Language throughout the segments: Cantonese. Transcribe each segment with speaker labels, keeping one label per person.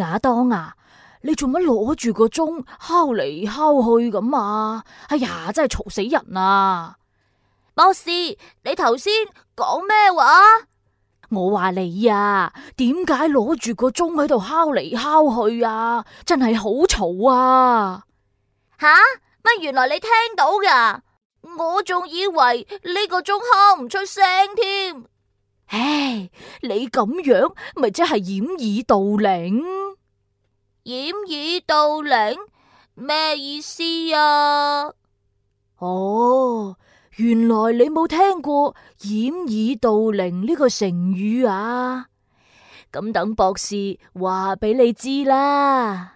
Speaker 1: 亞當啊，你做乜攞住個鐘敲嚟敲去咁啊？哎呀，真係嘈死人啊！博士，你頭先講咩話？我話你啊，點解攞住個鐘喺度敲嚟敲去啊？真係好嘈啊！吓乜、啊？原來你聽到噶？我仲以為呢個鐘敲唔出聲添。唉，你咁樣咪真係掩耳盜鈴。掩耳盜鈴？咩意思啊？哦，原來你冇聽過掩耳盜鈴呢個成語啊？咁等博士話俾你知啦。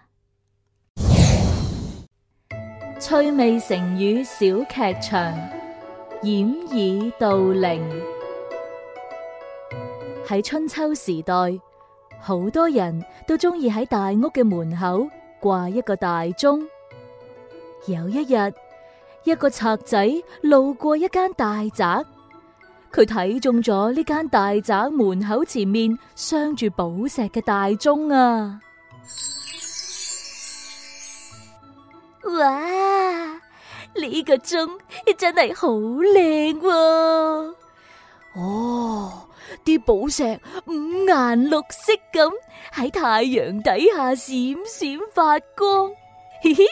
Speaker 1: 趣味成語小劇場：掩耳盜鈴。喺春秋時代。好多人都中意喺大屋嘅門口掛一個大鐘。有一日，一個賊仔路過一間大宅，佢睇中咗呢間大宅門口前面鑲住寶石嘅大鐘啊！哇！呢個鐘真係好靚喎！哦。啲寶石五顏六色咁喺太陽底下閃閃發光，嘻嘻，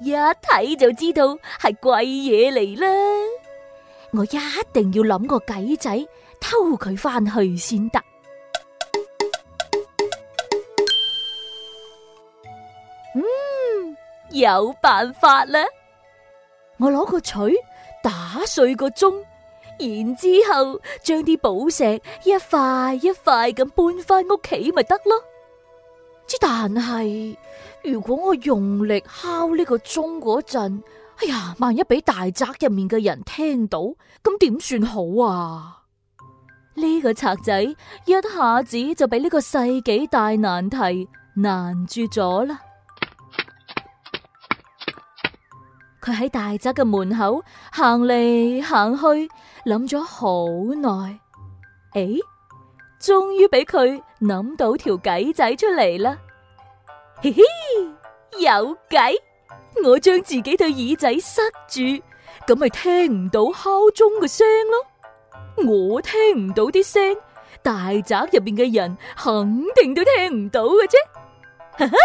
Speaker 1: 一睇就知道係貴嘢嚟啦！我一定要諗個計仔偷佢翻去先得。嗯，有辦法啦！我攞個錘打碎個鐘。然之後將啲寶石一塊一塊咁搬翻屋企咪得咯。只但係如果我用力敲呢個鐘嗰陣，哎呀，萬一俾大宅入面嘅人聽到，咁點算好啊？呢個賊仔一下子就俾呢個世紀大難題難住咗啦。佢喺大宅嘅門口行嚟行去，諗咗好耐。誒，終於俾佢諗到條計仔出嚟啦！嘻嘻，有計！我將自己對耳仔塞住，咁咪聽唔到敲鐘嘅聲咯。我聽唔到啲聲，大宅入邊嘅人肯定都聽唔到嘅啫。哈哈，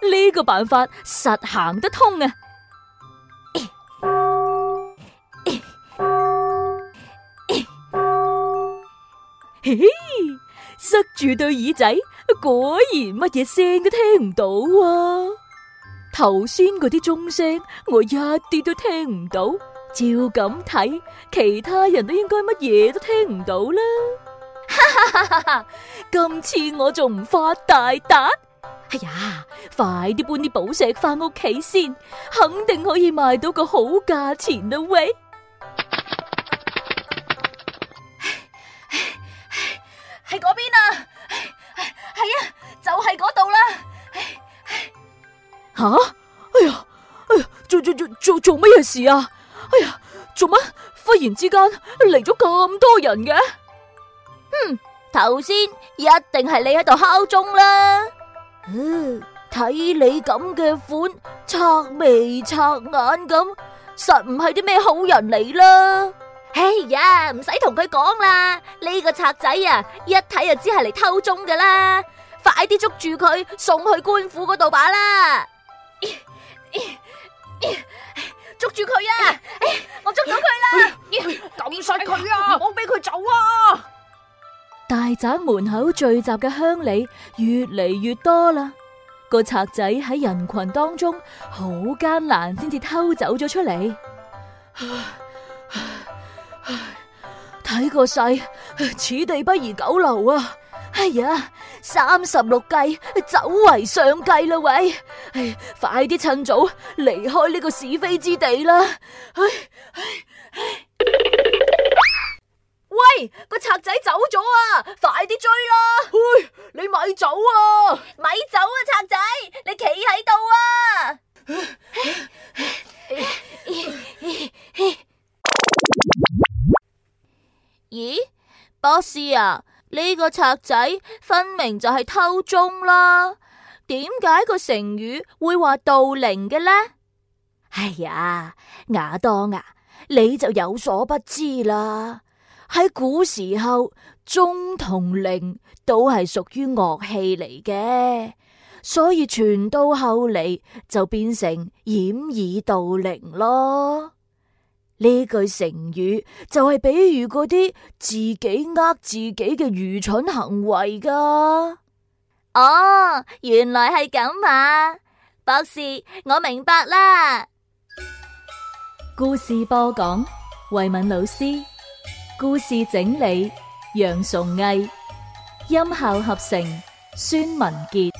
Speaker 1: 呢個辦法實行得通啊！嘿嘿，塞住對耳仔，果然乜嘢聲都聽唔到啊！頭先嗰啲鐘聲，我一啲都聽唔到。照咁睇，其他人都應該乜嘢都聽唔到啦。哈哈哈！哈哈，今次我仲唔發大膽？哎呀，快啲搬啲寶石返屋企先，肯定可以賣到個好價錢的喂。吓！哎呀，哎呀，做做做做做乜嘢事啊？哎呀，做乜忽然之間嚟咗咁多人嘅？嗯，頭先一定係你喺度敲鐘啦。嗯，睇你咁嘅款，賊眉賊眼咁，實唔係啲咩好人嚟啦。哎呀，唔使同佢講啦，呢個賊仔啊，一睇就知係嚟偷鐘噶啦。快啲捉住佢，送去官府嗰度把啦！捉住佢啊！我捉到佢啦！撳晒佢啊！唔好俾佢走啊！大宅門口聚集嘅鄉里越嚟越多啦，個賊仔喺人群當中好艱難，先至偷走咗出嚟。睇個勢，此地不宜久留啊！哎呀！三十六計，走為上計啦，喂！唉，快啲趁早離開呢個是非之地啦！喂，個賊仔走咗啊！快啲追啦！喂，你咪走啊！咪走啊，賊仔！你企喺度啊！咦，波斯啊！呢個賊仔分明就係偷鐘啦，點解個成語會話盜鈴嘅呢？哎呀，亞當啊，你就有所不知啦。喺古時候，鐘同鈴都係屬於樂器嚟嘅，所以傳到後嚟就變成掩耳盜鈴咯。呢句成語就係比喻嗰啲自己呃自己嘅愚蠢行為噶。哦，原來係咁啊，博士，我明白啦。故事播講：慧敏老師，故事整理：楊崇毅，音效合成：孫文傑。